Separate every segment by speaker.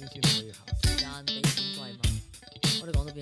Speaker 1: 時
Speaker 2: 間比錢貴嘛，我哋講到邊？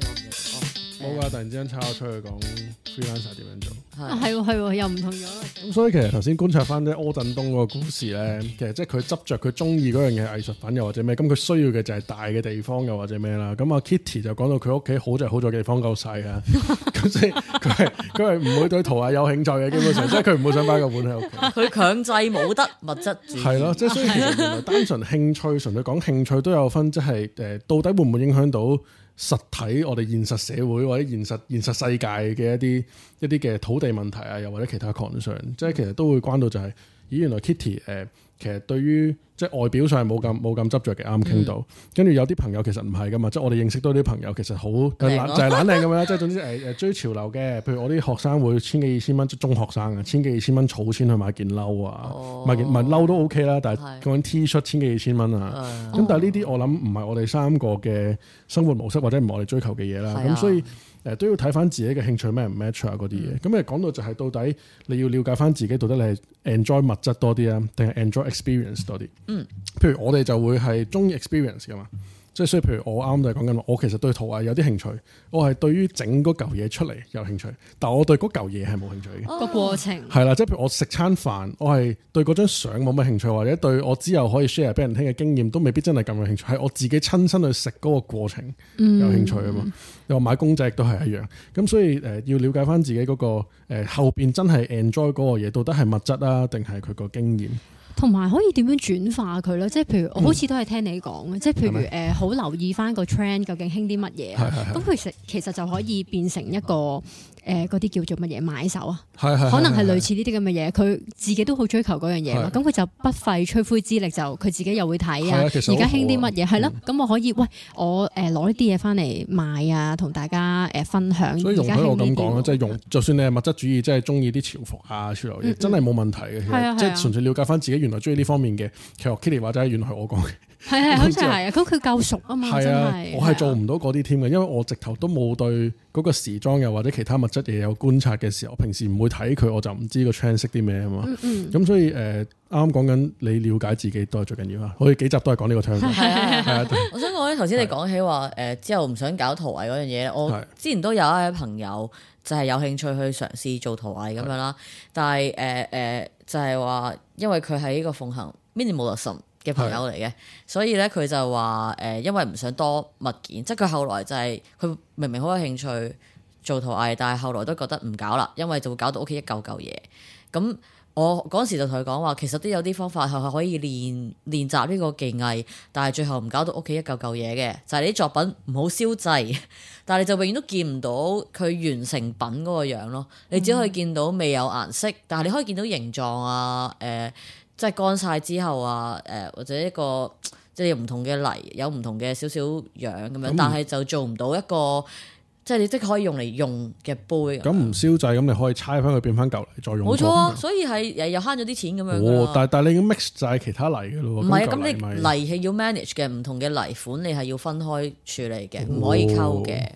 Speaker 2: 哦
Speaker 1: 冇啊！突然之間抄出去講 freelancer 點樣做，
Speaker 3: 係係喎，係喎，又唔同咗。
Speaker 1: 咁所以其實頭先觀察翻啲柯震東嗰個故事咧，其實即係佢執着佢中意嗰樣嘢藝術品又或者咩，咁佢需要嘅就係大嘅地方又或者咩啦。咁阿 Kitty 就講到佢屋企好在好在嘅地方夠細啊，咁 所以佢係佢係唔會對圖畫有興趣嘅，基本上即係佢唔會想擺個本喺屋企。
Speaker 2: 佢 強制冇得物質住。係 咯，即係所以其實唔係
Speaker 1: 單純興趣，純粹講興趣都有分，即係誒，到底會唔會影響到？實體我哋現實社會或者現實現實世界嘅一啲。一啲嘅土地問題啊，又或者其他 concept，即係其實都會關到就係，咦？原來 Kitty 誒，其實對於即係外表上係冇咁冇咁執着嘅，啱傾到。跟住有啲朋友其實唔係噶嘛，即係我哋認識多啲朋友，其實好就係懶靚咁樣，即係總之誒誒追潮流嘅。譬如我啲學生會千幾二千蚊，中學生啊，千幾二千蚊儲錢去買件褸啊，買件買褸都 OK 啦。但係講 T 恤千幾二千蚊啊，咁但係呢啲我諗唔係我哋三個嘅生活模式，或者唔係我哋追求嘅嘢啦。咁所以。誒都要睇翻自己嘅興趣咩唔 match 啊嗰啲嘢，咁你講到就係到底你要了解翻自己，到底你係 enjoy 物質多啲啊，定係 enjoy experience 多啲？嗯，譬如我哋就會係中意 experience 噶嘛。即係所以，譬如我啱啱就係講緊我其實對陶藝有啲興趣，我係對於整嗰嚿嘢出嚟有興趣，但係我對嗰嚿嘢係冇興趣嘅。個過程係啦，即係譬如我食餐飯，我係對嗰張相冇乜興趣，或者對我之後可以 share 俾人聽嘅經驗都未必真係咁有興趣，係我自己親身去食嗰個過程有興趣啊嘛。嗯、又話買公仔都係一樣，咁所以誒要了解翻自己嗰個誒後邊真係 enjoy 嗰個嘢，到底係物質啊，定係佢個經驗？
Speaker 3: 同埋可以點樣轉化佢咧？即係譬如，我好似都係聽你講，即係、嗯、譬如誒，好嗎、呃、留意翻個 trend，究竟興啲乜嘢。咁其實其實就可以變成一個。 誒嗰啲叫做乜嘢買手
Speaker 2: 啊？ 可能係類
Speaker 3: 似呢啲咁嘅嘢，佢 自己都好追求嗰 樣嘢嘛。咁佢就不費吹灰之力就佢自己又會睇啊。而家興啲乜嘢係囉？咁我可以喂我誒攞呢啲嘢翻嚟賣啊，同大家誒分享。所以用可以咁講
Speaker 1: 啦，即係用。就算你係物質主義，即係中意啲潮服啊、潮流嘢，真係冇問題嘅。嗯嗯，其實即係的的純粹了解翻自己原來中意呢方面嘅。其實 Kitty 或者原來係我講。
Speaker 3: 係係好似係啊，咁佢教熟啊嘛，真係啊，我係做
Speaker 1: 唔到嗰啲添嘅，因為我直頭都冇對嗰個時裝又或者其他物質嘢，有觀察嘅時候，平時唔會睇佢，我就唔知個 trend 識啲咩啊嘛。咁所以誒啱啱講緊你了解自己都係最緊要啊！我哋幾集都係講呢個 trend。
Speaker 2: 我想講咧，頭先你講起話誒之後唔想搞陶藝嗰樣嘢，我之前都有一位朋友就係有興趣去嘗試做陶藝咁樣啦，但係誒誒就係話因為佢喺呢個奉行 minimalism 嘅朋友嚟嘅，所以咧佢就話誒，因為唔想多物件，即係佢後來就係、是、佢明明好有興趣做陶藝，但係後來都覺得唔搞啦，因為就會搞到屋企一嚿嚿嘢。咁我嗰時就同佢講話，其實都有啲方法係可以練練習呢個技藝，但係最後唔搞到屋企一嚿嚿嘢嘅，就係、是、你啲作品唔好燒製，但係你就永遠都見唔到佢完成品嗰個樣咯。你只可以見到未有顏色，嗯、但係你可以見到形狀啊，誒、呃。即係乾晒之後啊，誒或者一個即係唔同嘅泥，有唔同嘅少少樣咁樣，那但係就做唔到一個即係即可以用嚟用嘅杯。咁唔燒製咁，你可以拆翻佢變翻嚿，再用。冇錯，樣所以係又慳咗啲錢咁樣、喔、但係但係你已經 mix
Speaker 1: 晒其他泥嘅咯。唔係啊，咁、就是、你泥
Speaker 2: 係要 manage 嘅，唔同嘅泥款你係要分開處理嘅，唔、喔、可以溝嘅、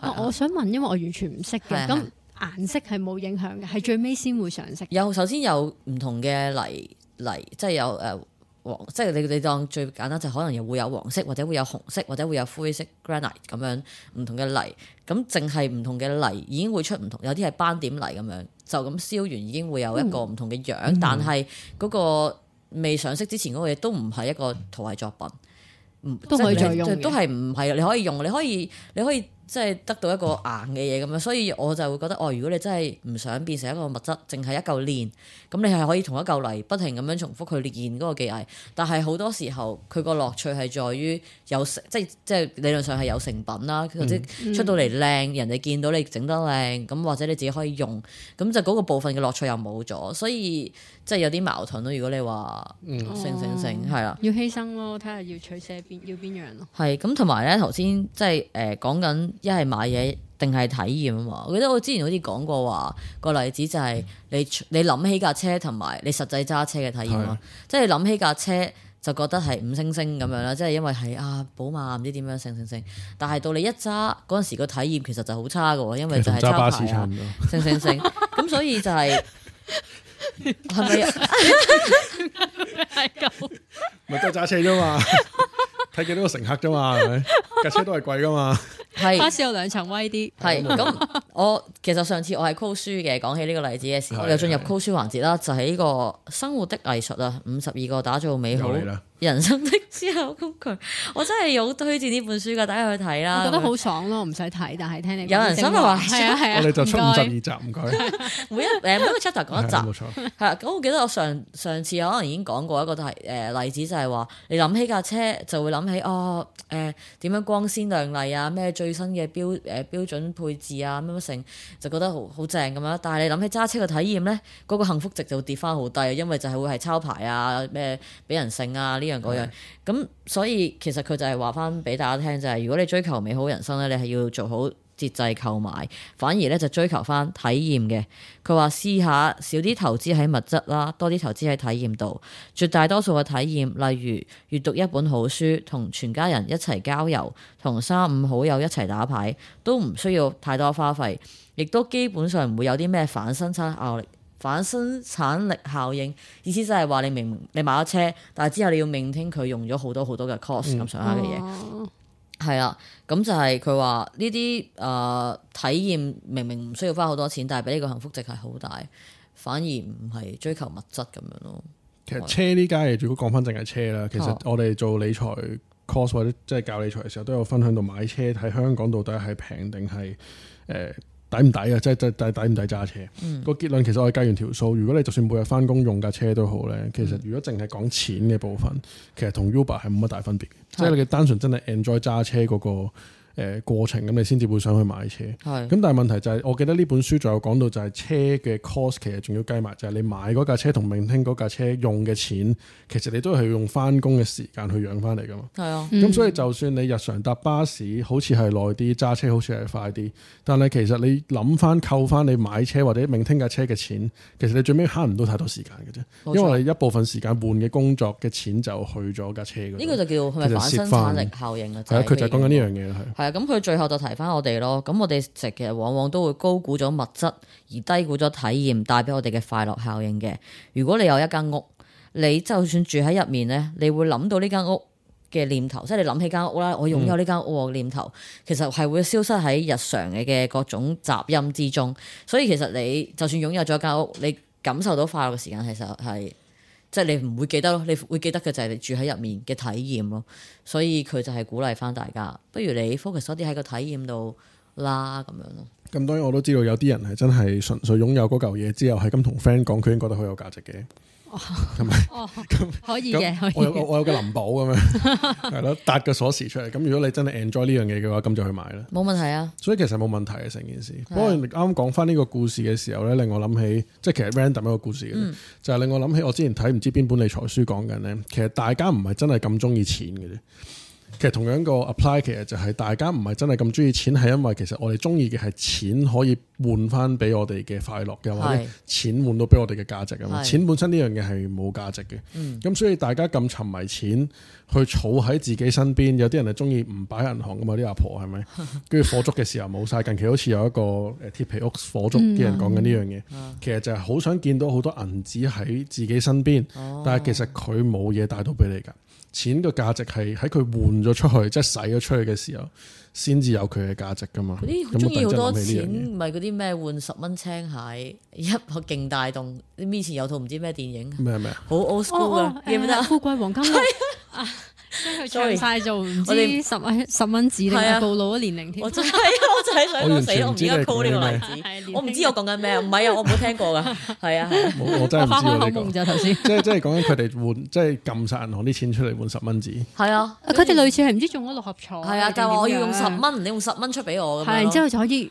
Speaker 2: 哦。
Speaker 3: 我想問，因為我完全唔識嘅，咁顏色係冇影響嘅？係最尾先會上色？有
Speaker 2: 首先有唔同嘅泥，泥即係有誒黃，即係、呃、你你當最簡單就係、可能又會有黃色，或者會有紅色，或者會有灰色 granite 咁樣唔同嘅泥，咁淨係唔同嘅泥已經會出唔同，有啲係斑點泥咁樣，就咁燒完已經會有一個唔同嘅樣，嗯、但係嗰個未上色之前嗰個嘢都唔係一個陶藝作品，唔都可以再用的都係唔係你可以用，你可以你可以。即係得到一個硬嘅嘢咁樣，所以我就會覺得哦，如果你真係唔想變成一個物質，淨係一嚿煉，咁你係可以同一嚿泥不停咁樣重複佢煉嗰個技藝。但係好多時候，佢個樂趣係在於有成，即係即係理論上係有成品啦，或者出到嚟靚，人哋見到你整得靚，咁或者你自己可以用，咁就嗰個部分嘅樂趣又冇咗。所以即係有啲矛盾咯。如果你話成唔成係啦，
Speaker 3: 要犧牲咯，睇下要取捨邊要邊樣咯、
Speaker 2: 啊。係咁，同埋咧頭先即係誒講緊。一係買嘢，定係體驗啊嘛？我記得我之前好似講過話個例子就係你你諗起架車同埋你實際揸車嘅體驗咯，即係諗起架車就覺得係五星星咁樣啦，即係因為係啊寶馬唔知點樣星星星，但係到你一揸嗰陣時個體驗其實就好差嘅，因為就係揸巴士差唔多星星星，咁、嗯、所以就係係咪
Speaker 1: 係咁，咪都係揸車啫嘛，睇幾多個乘客啫嘛，係咪架車
Speaker 2: 都係貴噶嘛？巴士是有兩層威啲是，係咁。我其實上次我係 quote 書嘅，講起呢個例子嘅時候，又進入 quote 書環節啦，就係呢個生活的藝術啊，五十二個打造美好人生的思考工具，我真係有推薦呢本書嘅，大家去睇啦。我覺得好爽咯，唔使睇，但係聽你有人生嘅話，係我哋就出五十二集，唔該。每一誒每個 chapter 講一集，冇錯，係啊。咁我記得我上上次可能已經講過一個題誒例子，就係話你諗起架車就會諗起哦誒點樣光鮮亮麗啊，咩最新嘅標誒標準配置啊成就覺得好好正咁樣，但係你諗起揸車嘅體驗呢，嗰、嗰個幸福值就會跌翻好低，因為就係會係抄牌啊、咩俾人性啊呢樣嗰樣，咁、嗯、所以其實佢就係話翻俾大家聽就係、係，如果你追求美好人生咧，你係要做好。節制購買，反而咧就追求翻體驗嘅。佢話試下少啲投資喺物質啦，多啲投資喺體驗度。絕大多數嘅體驗，例如閲讀一本好書、同全家人一齊郊遊、同三五好友一齊打牌，都唔需要太多花費，亦都基本上唔會有啲咩反生產效力。反生產力效應。意思就係話你明，你買咗車，但係之後你要命聽佢用咗好多好多嘅 cost 咁上下嘅嘢。嗯。係啊，咁就係佢話呢啲誒體驗明明唔需要花好多錢，但係俾呢個幸福值係好大，反而唔係追求物質咁樣咯。
Speaker 1: 其實車呢家嘢，如果講返淨係車啦，哦、其實我哋做理財 course 或者即係教理財嘅時候，都有分享到買車喺香港到底係平定係誒。抵唔抵啊？即係即係，抵唔抵揸車？嗯、個結論其實我哋計完條數，如果你就算每日返工用架車都好咧，其實如果淨係講錢嘅部分，其實同 Uber 係冇乜大分別。嗯、即係你嘅單純真係 enjoy 揸車嗰個。誒，過程咁你先至會想去買車，係咁的但係問題就係、是，我記得呢本書仲有講到就係車嘅 cost 其實仲要計埋，就係、是、你買嗰架車同明聽嗰架車用嘅錢，其實你都係要用翻工嘅時間去養翻嚟噶嘛，係啊的，咁、嗯、所以就算你日常搭巴士好似係耐啲，揸車好似係快啲，但係其實你諗翻扣翻你買車或者明聽架車嘅錢，其實你最尾慳唔到太多時間嘅啫，錯因為你一部分時間換嘅工作嘅錢就去咗架車嗰度，呢個就叫係咪反生產力效應？佢就係講緊呢樣嘢
Speaker 2: 係。的咁佢最後就提翻我哋咯，咁我哋食其實往往都會高估咗物質，而低估咗體驗帶俾我哋嘅快樂效應嘅。如果你有一間屋，你就算住喺入面咧，你會諗到呢間屋嘅念頭，即係你諗起間屋啦，我擁有呢間屋嘅念頭，嗯、其實，係會消失喺日常嘅嘅各種雜音之中。所以其實，你就算擁有咗間屋，你感受到快樂嘅時間，其實，係。即係你唔會記得咯，你會記得嘅就係你住喺入面嘅體驗咯，所以佢就係鼓勵翻大家，不如你 focus 啲喺個體驗度
Speaker 1: 啦咁樣咯。咁當然我都知道有啲人係真係純粹擁有嗰嚿嘢之後係咁同 friend 講，佢已經覺得好有價值嘅。係
Speaker 2: 咪？咁、哦、可以嘅，可以我有我有個林
Speaker 1: 寶咁樣，係 咯，搭個鎖匙出嚟。咁如果你真係 enjoy 呢樣嘢嘅話，咁就去買啦。冇問題啊。所以其實冇問題嘅成件事。的不過你啱啱講翻呢個故事嘅時候咧，令我諗起，即係其實 random 一個故事嘅，嗯、就係令我諗起我之前睇唔知邊本理財書講緊咧，其實大家唔係真係咁中意錢嘅啫。其實同樣個 apply，其實就係大家唔係真係咁中意錢，係因為其實我哋中意嘅係錢可以換翻俾我哋嘅快樂，又是或者錢換到俾我哋嘅價值啊。是錢本身呢樣嘢係冇價值嘅，咁是所以大家咁沉迷錢去儲喺自己身邊，有啲人係中意唔擺銀行噶嘛？啲阿婆係咪？跟住火燭嘅時候冇晒， 近期好似有一個誒鐵皮屋火燭啲人講緊呢樣嘢，嗯啊嗯、其實就係好想見到好多銀紙喺自己身邊，哦、但係其實佢冇嘢帶到俾你噶。錢個價值係喺佢換咗出去，即係使咗出去嘅時候，先至有佢嘅價值噶嘛。嗰啲好鍾意好多錢。
Speaker 2: 唔係嗰啲咩換十蚊青蟹一個勁大洞，你以前有套唔知咩電影，咩咩好 old school 唔嘅、oh, oh。記得《
Speaker 3: 富、欸、貴黃金屋》。 唱晒就唔知十蚊十蚊紙暴
Speaker 2: 露咗年齡添。我真係我真係想講死我唔知。呢個例子。我唔知我講緊咩，唔係啊，我冇聽過噶。係啊，我真係唔 知道個。白日好即係
Speaker 1: 即係講緊佢哋換，即係撳晒銀行啲錢出嚟換十蚊紙。
Speaker 3: 係啊，佢哋 類似係唔知中咗六合彩。係啊，但係我要用十
Speaker 2: 蚊、啊，你用十蚊出俾我咁樣。係、啊，之後就可以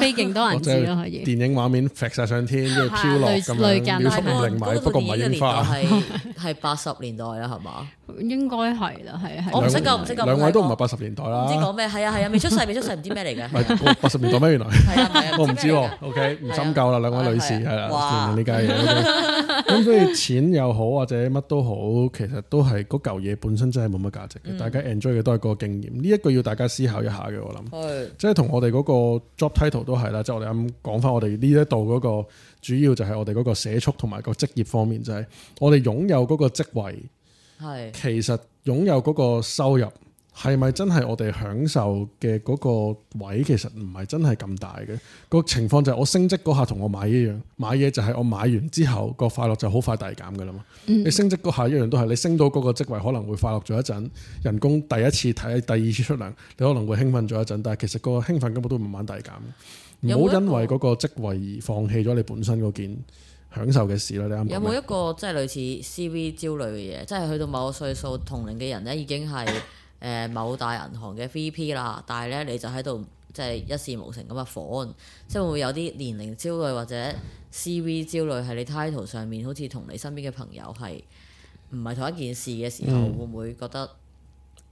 Speaker 2: 飛勁多銀紙咯。可以。
Speaker 1: 電影畫面飛曬上天，跟住飄落咁樣。秒速五厘米，不過唔係櫻花。
Speaker 2: 係八十年代啦，係嘛？ 應該。應該係啦，係啊，我唔識㗎，唔識㗎。兩位
Speaker 1: 都唔係八十年代啦，
Speaker 2: 唔
Speaker 1: 知講咩？係啊，係啊，未出世，未出世，唔知咩嚟嘅。八十年代咩？原來係啊係啊，我唔知。O K，唔深究啦，兩位女士係啊，呢家嘢。咁所以錢又好或者乜都好，其實都係嗰嚿嘢本身真係冇乜價值嘅。大家 enjoy 嘅都係個經驗，呢一個要大家思考一下嘅，我諗。即係同我哋嗰個 job title 都係啦，即係我哋啱講翻我哋呢一度嗰個主要就係我哋嗰個社畜同埋個職業方面，就係我哋擁有嗰個職位。係，其實擁有嗰個收入係咪真係我哋享受嘅嗰個位？其實唔係真係咁大嘅。個情況就係我升職嗰下同我買一樣，買嘢就係我買完之後，個快樂就好快大減嘅啦嘛。嗯、你升職嗰下一樣都係，你升到嗰個職位可能會快樂咗一陣，人工第一次睇，第二次出糧，你可能會興奮咗一陣，但係其實個興奮根本都唔玩大減。唔好因為嗰個職位而放棄咗你本身嗰件享受嘅事啦，你啱唔啱？有冇一
Speaker 2: 個即係類似 CV 焦慮嘅嘢？即係去到某個歲數，同齡嘅人咧已經係誒某大銀行嘅 VP 啦，但係咧你就喺度即係一事無成咁嘅款，即係會唔會有啲年齡焦慮或者 CV 焦慮，係你 title 上面好似同你身邊嘅朋友係唔係同一件事嘅時候，嗯、會唔會覺得誒？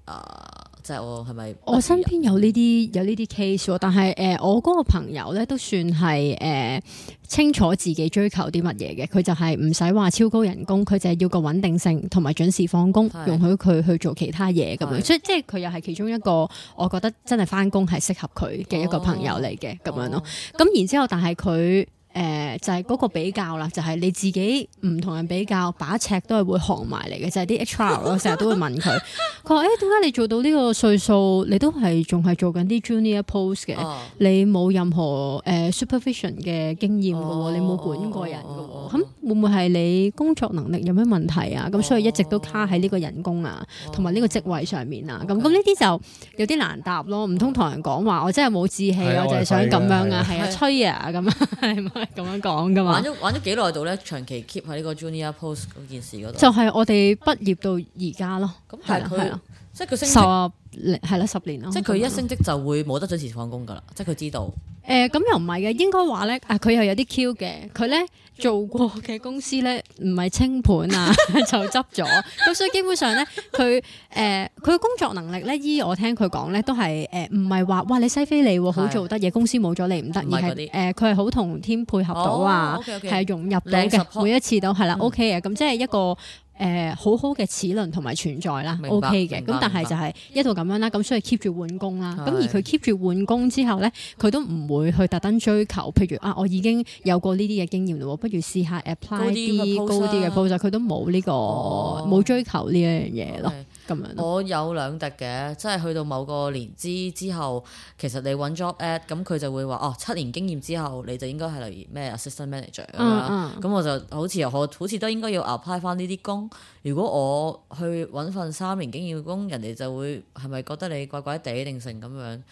Speaker 2: 呃就係我係咪？我
Speaker 3: 身邊有呢啲有呢啲 case 喎，但係誒，我嗰個朋友咧都算係誒、呃、清楚自己追求啲乜嘢嘅。佢就係唔使話超高人工，佢就係要個穩定性同埋準時放工，容許佢去做其他嘢咁樣。對對對，所以即係佢又係其中一個，我覺得真係翻工係適合佢嘅一個朋友嚟嘅咁樣咯。咁然之後，但係佢。誒、呃、就係、是、嗰個比較啦，就係、是、你自己唔同人比較，把尺都係會行埋嚟嘅，就係啲 H R 成日都會問佢，佢話誒點解你做到呢個歲數，你都係仲係做緊啲 Junior Post 嘅，啊、你冇任何誒、呃、supervision 嘅經驗嘅喎，哦、你冇管過人嘅喎，咁、哦嗯、會唔會係你工作能力有咩問題啊？咁所以一直都卡喺呢個人工啊，同埋呢個職位上面啊，咁咁呢啲就有啲難答咯，唔通同人講話我真係冇志氣，哎、我就係想咁樣啊，係啊，吹啊咁
Speaker 2: 樣？ 咁 樣講噶嘛玩？玩咗玩咗幾耐度咧？長期 keep 喺呢個 junior post 嗰件事嗰度，就係我
Speaker 3: 哋畢業到而家咯。咁係啦，係啦。即係佢升職，係啦，十年咯。即係佢一升職
Speaker 2: 就會冇得準時放工噶啦，即係佢知道。
Speaker 3: 誒，咁又唔係嘅，應該話咧，啊，佢又有啲 Q 嘅，佢咧做過嘅公司咧，唔係清盤啊就執咗，咁所以基本上咧，佢誒佢工作能力咧，依我聽佢講咧，都係誒唔係話哇你犀飛利好做得嘢，公司冇咗你唔得，而係誒佢係好同 team 配合到啊，係融入到嘅，每一次都係啦，OK 嘅，咁即係一個。誒、呃、好好嘅齒輪同埋存在啦白，OK 嘅的。咁但係就係一度咁樣啦，咁所以 keep 住換工啦。咁白而佢 keep 住換工之後咧，佢都唔會去特登追求，譬如啊，我已經有過呢啲嘅經驗嘞，不如試下 apply 啲高啲嘅 pose 佢都冇呢、呢個冇、哦、追求呢一樣嘢咯，咁 Okay,
Speaker 2: 樣。我有兩滴嘅，即係去到某個年資之，之後，其實你揾 job at 咁，佢就會話：哦，七年經驗之後你就應該係例如咩 assistant manager 咁、嗯嗯、我就好似又好似都應該要 apply 翻呢啲工。如果我去揾份三年經驗工，人哋就會係咪覺得你怪怪地定成咁樣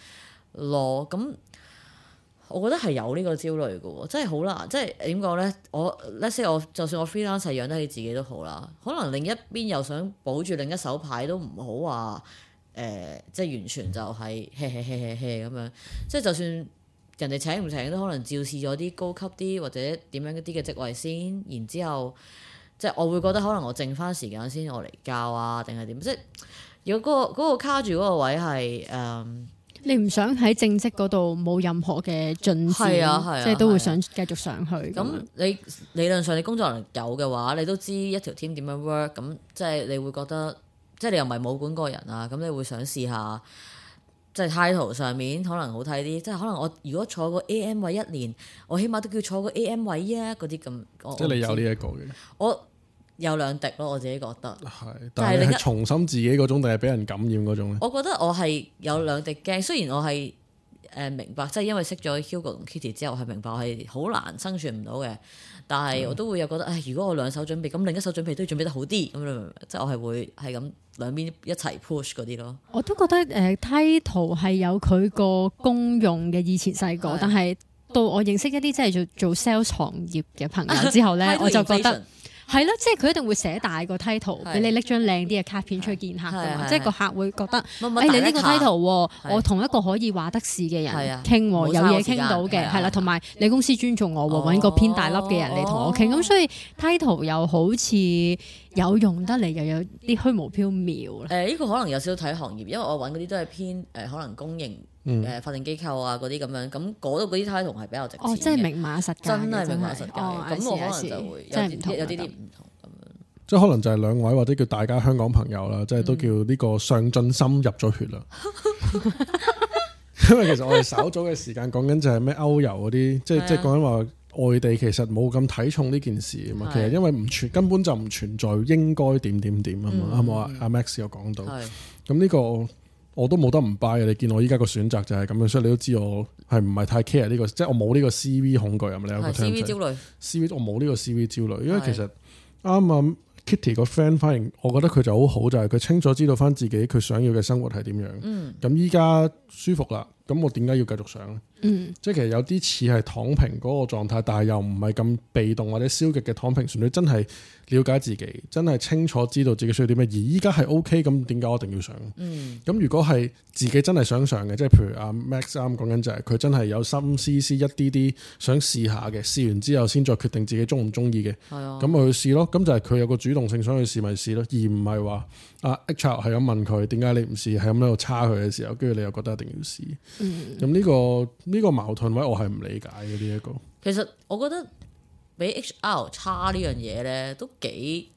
Speaker 2: 攞？咁、嗯、我覺得係有呢個焦慮嘅，真係好難。即係點講呢？我，let’s say 我就算我 free lunch 係養得起自己都好啦。可能另一邊又想保住另一手牌，都唔好話誒，即係完全就係嘿嘿嘿嘿嘿」a 咁樣。即係就算人哋請唔請都可能照試咗啲高級啲或者點樣一啲嘅職位先，然之後。即係我會覺得可能我剩翻時間先我嚟教啊，定係點？即係如果嗰個卡住嗰個位係誒，嗯、
Speaker 3: 你唔想喺正職嗰度冇任何嘅進展，啊啊、即係都會想繼續上去。咁、啊
Speaker 2: 啊、樣你理論上你工作能力有嘅話，你都知一條 team 點樣 work，咁即係你會覺得即係你又唔係冇管嗰個人啊，咁你會想試下即係 title 上面可能好睇啲，即係可能我如果坐個 AM 位一年，我起碼都叫坐個 AM 位啊，嗰啲咁。即係你有呢、這、一個嘅我。我有兩滴咯，我自己覺得。係，但係你係重
Speaker 1: 心自己嗰種，定係俾人感染嗰種咧？我
Speaker 2: 覺得我係有兩滴驚，雖然我係誒、呃、明白，即、就、係、是、因為識咗 Hugo 同 Kitty 之後，我係明白我係好難生存唔到嘅。但係我都會有覺得，誒，如果我兩手準備，咁另一手準備都要準備得好啲，咁即係我係會係咁兩邊一齊 push 嗰啲咯。
Speaker 3: 我都覺得誒，title 係有佢個功用嘅，以前細個，是的 但係到我認識一啲即係做做 sales 行業嘅朋友之後咧， 我就覺得。係啦，即係佢一定會寫大個 title 俾你拎張靚啲嘅卡片出去見客噶嘛，即係個客會覺得，哎，你呢個 title，我同一個可以話得事嘅人傾，有嘢傾到嘅。係啦，同埋你公司尊重我，揾個偏大粒嘅人嚟同我傾，咁所以 title 又好似有用得嚟，又有啲虛無縹緲。誒，
Speaker 2: 呢個可能有少少睇行業，因為我揾嗰啲都係偏誒，可能供應。誒，法定機構啊，嗰啲咁樣，咁嗰度嗰啲 title 係比較值錢，即真係明
Speaker 3: 碼實價，真係明碼實價，咁我可能就會有啲
Speaker 2: 啲
Speaker 1: 唔同咁。即係可能就係兩位或者叫大家香港朋友啦，即係都叫呢個上進心入咗血啦。因為其實我哋稍早嘅時間講緊就係咩歐遊嗰啲，即係即係講緊話外地其實冇咁睇重呢件事啊嘛。其實因為唔存，根本就唔存在應該點點點啊嘛。阿 Max 有講到，咁呢個。我都冇得唔 buy 嘅，你見我依家個選擇就係咁樣，所以你都知我係唔係太 care 呢、這個，即係我冇呢個 CV 恐懼係咪？你有，有個聽？CV 焦慮，CV 我冇呢個 CV 焦慮，因為其實啱啱 Kitty 個 friend 反而我覺得佢就好好，就係、是、佢清楚知道返自己佢想要嘅生活係點樣，咁依家舒服啦。咁我點解要繼續上呢？嗯，即係其實有啲似係躺平嗰個狀態，但係又唔係咁被動或者消極嘅躺平。純粹真係了解自己，真係清楚知道自己需要啲咩，而依家係 OK。咁點解我一定要上？嗯，咁如果係自己真係想上嘅，即係譬如阿 Max 啱講緊就係佢真係有心思思一啲啲想試下嘅，試完之後先再決定自己中唔中意嘅。係咁咪去試咯。咁就係佢有個主動性想去試咪試咯，而唔係話阿 HR 係咁問佢點解你唔試，係咁喺度叉佢嘅時候，跟住你又覺得一定要試。咁呢、 嗯這個呢，這個矛盾位，我係唔理解嘅呢一個。
Speaker 2: 其實我覺得俾 HR 差呢樣嘢咧，嗯，都幾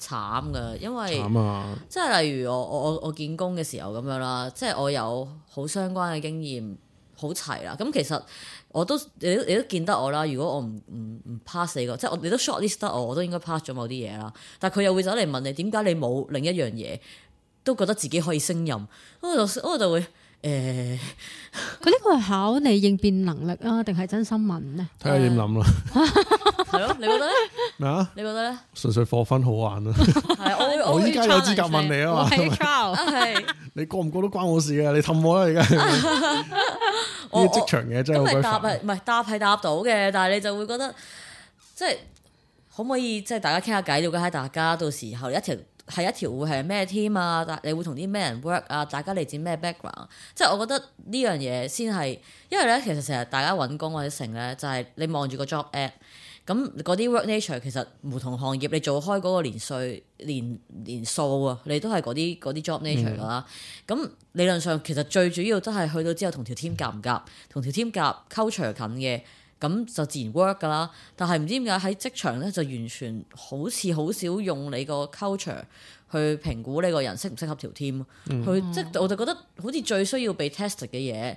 Speaker 2: 慘噶。因為慘啊！即係例如我我我我見工嘅時候咁樣啦，即係我有好相關嘅經驗，好齊啦。咁其實我都你都你都見得我啦。如果我唔唔唔 pass 四個，即係我你都 short list 得我，我都應該 pass 咗某啲嘢啦。但係佢又會走嚟問你點解你冇另一樣嘢，都覺得自己可以勝任。我就我，就我就會。誒，
Speaker 3: 佢呢個係考你應變能力啊，定係真心問咧？睇下
Speaker 2: 點諗
Speaker 1: 咯。係咯，你覺得咧？咩啊麼？你覺得咧？純粹課分好玩啊。
Speaker 2: 係 我我依家有資格問你啊嘛？係。 okay.
Speaker 1: 你過唔過都關我事嘅，你氹我啦
Speaker 2: 而家。我職
Speaker 1: 場嘢真係好煩，咁
Speaker 2: 咪答係唔係？答係答到嘅，但係你就會覺得，即係可唔可以即係大家傾下偈，大家喺大家到時候一條。係一條會係咩 team？啊？你會同啲咩人 work 啊？大家嚟自咩 background？、啊、即係我覺得呢樣嘢先係，因為咧其實成日大家揾工或者成咧，就係、是、你望住個 job a p p 咁嗰啲 work nature 其實唔同行業，你做開嗰個年歲年年數啊，你都係嗰啲啲 job nature 噶啦。咁、嗯、理論上其實最主要都係去到之後同條 team 夾唔夾，同條 team 夾 c 除近嘅。咁就自然 work 噶啦，但係唔知點解喺職場咧就完全好似好少用你個 culture 去評估你個人適唔適合條 team，佢即係我就覺得好似最需要被 tested 嘅嘢，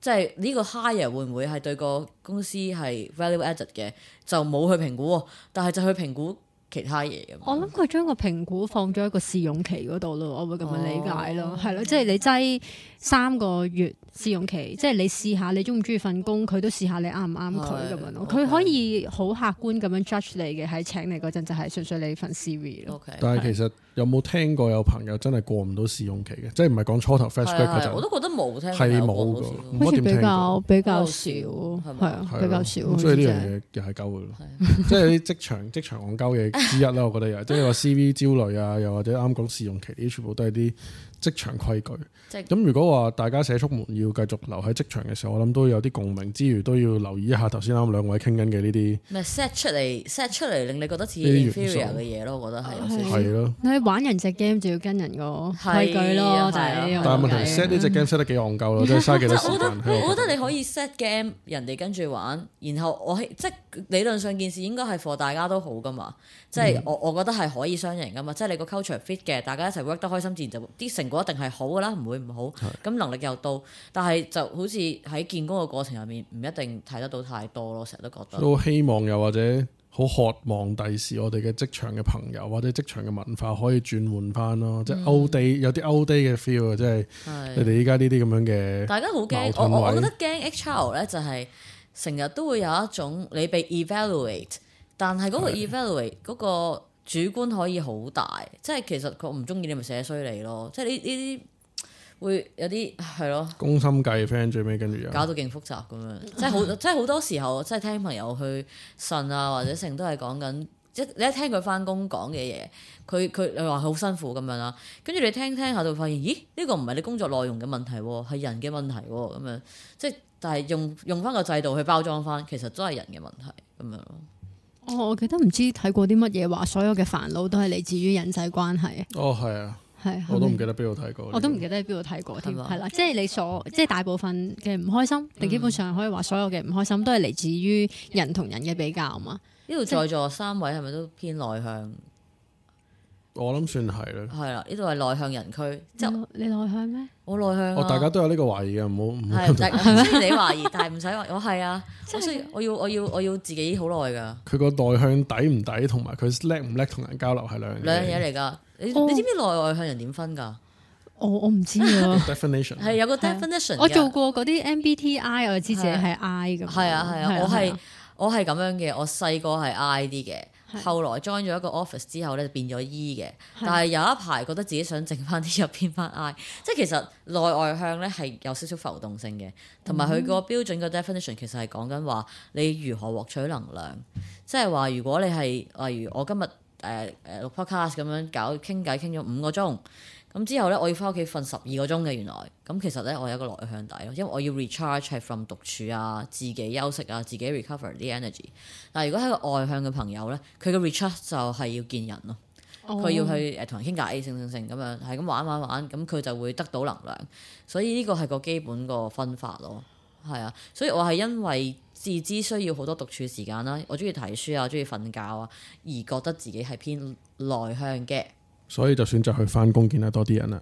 Speaker 2: 即係呢個 hire 會唔會係對個公司係 value added 嘅，就冇去評估，但係就去評估。其他嘢，我諗佢將個評
Speaker 3: 估放咗一個試用期嗰度咯，我會咁樣理解咯，係咯、哦，即係你擠三個月試用期，嗯、即係你試下你中唔中意份工，佢都試下你啱唔啱佢咁樣咯，佢 okay. 可以好客觀咁樣 judge 你嘅喺請你嗰陣就係純粹你份 CV 咯。Okay，但係其
Speaker 1: 實。有冇聽過有朋友真係過唔到試用期嘅？即係唔係講初頭 fastback 就我都覺得
Speaker 3: 冇聽過，係
Speaker 1: 冇嘅，我好似比較
Speaker 3: 比較少，係啊，比較少。所
Speaker 1: 以呢樣嘢又係鳩嘅咯，的即係啲職場職 場戇鳩嘢之一啦。我覺得又即係話 CV 焦慮啊，又或者啱講試用期，啲全部都係啲。職場規矩，咁職如果話大家寫出門要繼續留喺職場嘅時候，我諗都有啲共鳴之餘，都要留意一下頭先啱兩位傾緊嘅呢啲
Speaker 2: ，set 出嚟 set 出嚟令你覺得自己 inferior 嘅嘢咯，我覺得係有少少係咯，你玩
Speaker 3: 人隻 game 就要
Speaker 2: 跟人個規矩咯，但
Speaker 1: 係問題 set 呢隻 game set 得幾戇鳩咯，都嘥幾多時間我。 我覺得
Speaker 2: 你可以 set game 人哋跟住玩，然後我即理論上件事應該係 for 大家都好噶嘛，即係我我覺得係可以雙贏噶嘛，即係你個 culture fit 嘅，大家一齊 work 得開心，自然就啲成。一定係好噶啦，唔會唔好。咁是能力又到，但係就好似喺見工嘅過程入面，唔一定睇得到太多咯。成日都覺得。都
Speaker 1: 希望又或者好渴望，第時我哋嘅職場嘅朋友或者職場嘅文化可以轉換翻咯，嗯、即係 old day 有啲 old day 嘅 feel，啊是，即係你哋依家呢啲咁樣嘅。大家好驚，我我覺得驚
Speaker 2: H R 咧，就係成日都會有一種你被 evaluate，但係嗰個 evaluate 嗰是、嗰個。主觀可以好大，即係其實佢唔中意你，咪寫衰你咯。即係呢呢啲會有啲係咯。
Speaker 1: 攻心計 friend 最尾跟住搞
Speaker 2: 到勁複雜咁樣， 即係好即係好多時候，即係聽朋友去信啊，或者成都係講緊，即係你一聽佢返工講嘅嘢，佢佢你話佢好辛苦咁樣啦，跟住你一聽一聽下就發現，咦呢、呢個唔係你工作內容嘅問題，係人嘅問題咁樣。即係但係用用返個制度去包裝返，其實都係人嘅問題咁樣咯。
Speaker 3: 我、哦、我記得唔知睇過啲乜嘢話，所有嘅煩惱都係嚟自於人際關係。哦，
Speaker 1: 係啊，係，我都唔記得邊度睇過。這個、我都唔記
Speaker 3: 得喺邊度睇過添，係啦，是是喇，即係你所，即係大部分嘅唔開心，定、嗯、基本上可以話所有嘅唔開心都係嚟自於人同人嘅比較嘛？呢
Speaker 2: 度、嗯、係嗎？在座三位係咪都偏內向？我諗算係啦，係啦，呢度係內向人區。即你內向咩？我內向啊！大家都
Speaker 1: 有呢個懷疑嘅，唔好唔係，唔
Speaker 2: 知你懷疑，但係唔使懷疑，我係啊，所以我要我要我要自己好耐噶。
Speaker 1: 佢個內向抵唔抵，同埋佢叻唔叻同人交流係兩兩樣嘢嚟
Speaker 2: 噶。你知唔知內外向人點分噶？我我唔知啊。definition 係有個 definition，我做
Speaker 3: 過嗰啲 MBTI，我知自己係 I 嘅，係啊係啊，我係
Speaker 2: 我係咁樣嘅，我細個係 I 啲嘅。後來 join 咗一個 office 之後咧，就變咗 E 嘅。但係有一排覺得自己想整翻啲入邊翻 I，即係其實內外向咧係有少少浮動性嘅。同埋佢個標準個 definition 其實係講緊話你如何獲取能量，即係話如果你係例如我今日誒誒錄 podcast 咁樣搞傾偈傾咗五個鐘。咁之後咧，我要翻屋企瞓十二個鐘嘅原來。咁其實咧，我有一個內向底咯，因為我要 recharge 係 from 獨處啊、自己休息啊、自己 recover 啲 energy。但如果係個外向嘅朋友咧，佢嘅 recharge 就係要見人咯，
Speaker 3: 佢、oh. 要去誒同
Speaker 2: 人傾偈，成成成咁樣，係咁玩玩玩，咁佢就會得到能量。所以呢個係個基本個分法咯，係啊。所以我係因為自知需要好多獨處時間啦，我鍾意睇書啊，鍾意瞓覺啊，而覺得自己係偏內向嘅。
Speaker 1: 所以就選擇去翻工見得多啲人啦。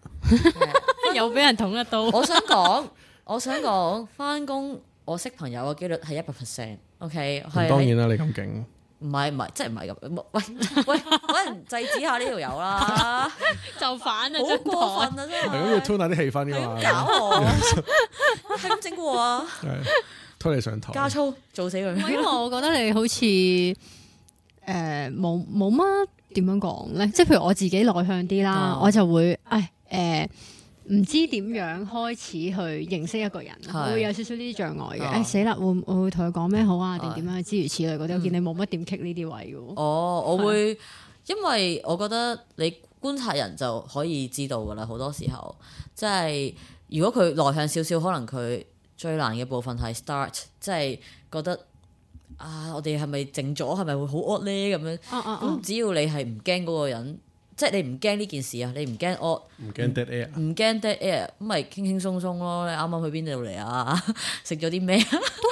Speaker 2: 又俾人捅一刀。我想講，我想講翻工我識朋友嘅幾率係一百 percent。OK，係當然啦，你咁勁。唔係唔係，即係唔係咁。喂喂，搵人制止下呢條友啦，就反啊，好過分啊，真
Speaker 1: 係。係要推下啲氣氛嘅嘛。搞
Speaker 2: 我，係咁整過
Speaker 3: 拖你上台，加粗，
Speaker 2: 做死佢。因為我覺得你
Speaker 3: 好似誒冇冇乜。點樣講咧？即係譬如我自己內向啲啦，嗯、我就會誒誒，唔、呃、知點樣開始去認識一個人，嗯、會有少少呢啲障礙嘅。誒死啦，會我會同佢講咩好啊？定點樣？諸如此類嗰啲。嗯、我見你冇乜點棘呢啲位嘅。
Speaker 2: 哦，是我會，因為我覺得你觀察人就可以知道噶啦。好多時候，即係如果佢內向少少，可能佢最難嘅部分係 start，即係覺得。啊！我哋係咪靜咗？係咪會好惡咧？咁樣咁，只要你係唔驚嗰個人，即係你唔驚呢件事啊！你唔驚惡，唔驚 dead air，唔驚 dead air，咁咪輕輕鬆鬆咯！你啱啱去邊度嚟啊？食咗啲咩啊？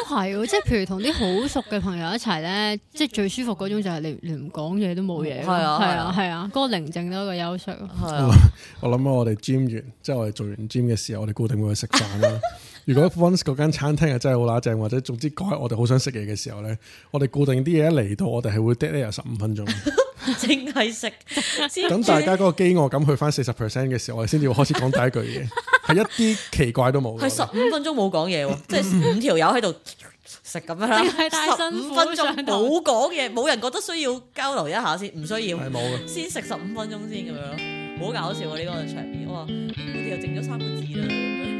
Speaker 2: 都係，即係譬如同啲好熟嘅朋友一
Speaker 3: 齊咧，即係最舒服嗰種就係你連講嘢都冇嘢。係、嗯、啊，係啊，係啊，嗰、啊啊啊、個寧靜多過休息。
Speaker 1: 係、啊， 我諗我哋 gym 完，即係我哋做完 gym 嘅時候，我哋固定會去食飯啦。 如果 Funs 嗰間餐廳又真係好乸正，或者總之改我哋好想食嘢嘅時候咧，我哋固定啲嘢一嚟到，我哋係會 dead air 十五分鐘。
Speaker 2: 淨係食。咁大家
Speaker 1: 嗰個飢餓感去翻四十 percent 嘅時候，我哋先至開始講第一句嘢，係 一啲奇怪都冇。係
Speaker 2: 十五分鐘冇講嘢喎，咳咳即係五條友喺度食咁樣啦，十五分鐘冇講嘢，冇人覺得需要交流一下先，唔需要。係冇先食十五分鐘先咁樣咯，好搞笑喎！呢、呢個場面，我話我哋又整咗三個字啦。